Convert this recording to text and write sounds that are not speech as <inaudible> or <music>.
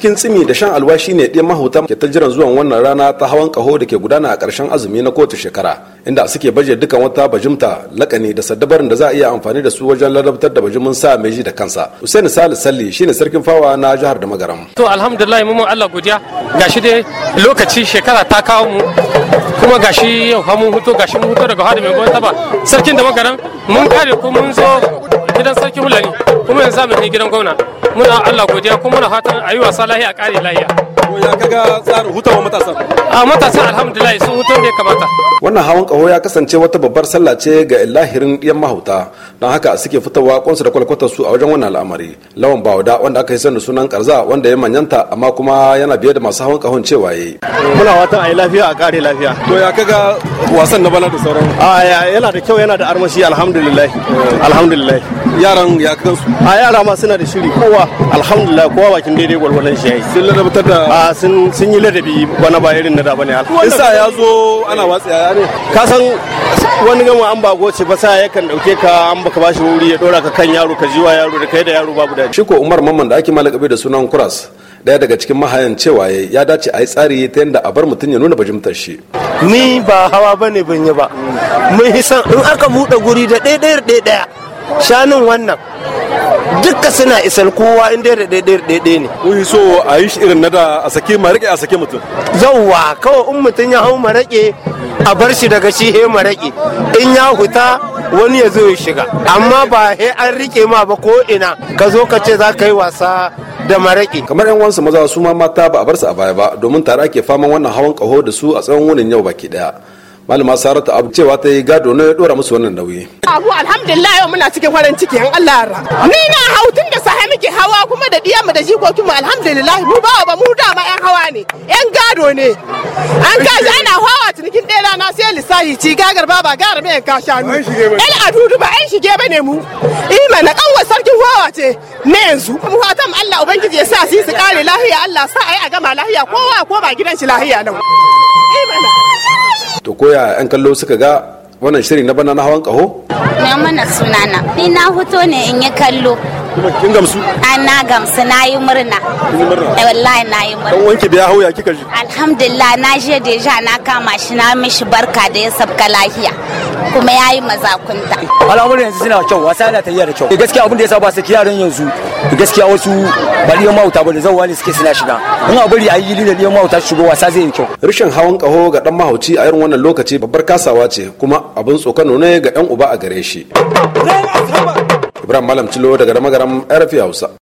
cikin tsimi da shan alwashi ne ɗin mahautan ke ta jiran zuwan wannan rana ta hawan kaho da ke gudana a ƙarshen azumi na kotu shekara inda suke baje dukan wata bajimta lakani da saddabarin da za a iya amfani da su wajen ladabtar da bajimin sa mai da kansa Hussein Sale Salli shine sarkin fawa na jihar da magaram to alhamdulillah mun Allah godiya gashi dai lokaci shekara ta kawo mu kuma gashi yau mun huto gashi mun huto daga hadu mai gwamnati ba sarkin da magaram mun kare ku mun zo gidan sarki hulani kuma yanzu mu ne gidan gwamna muna Allah godiya kuma muna fatan a yi wasa lahiya a kare lahiya ya kaga tsarin hutawa matasan a alhamdulillah sun hutar da kamata wannan hawan kaho ya kasance wata babbar sallah ce ga illahirin yan mahauta don haka suke fitowa kwansu da kwalkwatar su a wajen wannan al'amari lawan bawada wanda aka yi sanin sunan karza wanda ya manyanta amma kuma yana biye da masu hawan kahon cewa yayi muna watan yi lafiya a kare lafiya to ya kaga wasan na bala da sauran a yana da kyau yana da armashi alhamdulillah alhamdulillah yaran ya kansu a yara ma suna da shiri kowa alhamdulillah kowa bakin daidai gwalgwalan shi yi sun ladabtar da sun sun yi ladabi bana ba irin na da bane isa ya zo <laughs> ana watsa ya ne ka wani gama an bago ce ba sa yakan dauke ka an baka bashi wuri ya dora ka kan yaro ka jiwa yaro da kai da yaro babu da Shiko Umar Mamman da ake malakabe da sunan Kuras daya daga cikin mahayan cewa ya dace a yi tsari ta yadda a bar mutum ya nuna bajimtar shi. Ni ba hawa bane ban yi ba. Mun san in aka buɗe guri da ɗaya ɗaya ɗaya shanun wannan duka suna isar kowa in dai daidai ne. Kuyi so a yi irin na da a sake ma a sake mutum. Yawwa kawai in mutum ya hau marake a bar shi daga shi he marake in ya huta wani ya zo ya shiga amma ba he an riƙe ma ba ko ina ka zo ka ce za ka yi wasa da maraƙi. Kamar 'yan wansu maza su ma mata ba a bar su a baya ba domin tare ake faman wannan hawan ƙaho da su a tsawon wunin yau baki ɗaya. malama saratu abu cewa ta yi gado na ya dora musu wannan nauyi abu alhamdulillah yau muna cikin farin ciki an Allah ra ni na hau tun da sahi muke hawa kuma da diyan mu da jikokin mu alhamdulillah mu ba ba mu dama yan hawa ne yan gado ne an kaji sashi ci gagar baba gagar mai ka shanu yan adudu ba yan shige bane mu ima na kanwa sarkin wawa ce na yanzu mu fatan Allah ubangiji ya sa su su kare lahiya Allah sa ai a gama lahiya kowa ko ba gidan shi lahiya nan to koya yan kallo suka ga wannan shiri na bana na hawan kaho na mana sunana ni na hoto ne in yi kallo kin gamsu an na gamsu na yi murna da eh, wallahi na yi murna dan wanki biya hauya kika ji alhamdulillah na je deja na kama shi na mishi barka da ya sabka lahiya kuma ya yi mazakunta al'amuran yanzu suna kyau wasa yana tafiya da kyau eh, gaskiya abin da ya sa ba su yaran yanzu gaskiya wasu ba liyan mawuta ba da zauwa ne suke suna shiga in a bari a yi da liyan su shigo wasa zai yi kyau rashin hawan kaho ga dan mahauci a irin wannan lokaci babbar kasawa ce kuma abin tsokano ne ga yan uba a gare shi ibrahim malam cilo daga ramagaram rfi hausa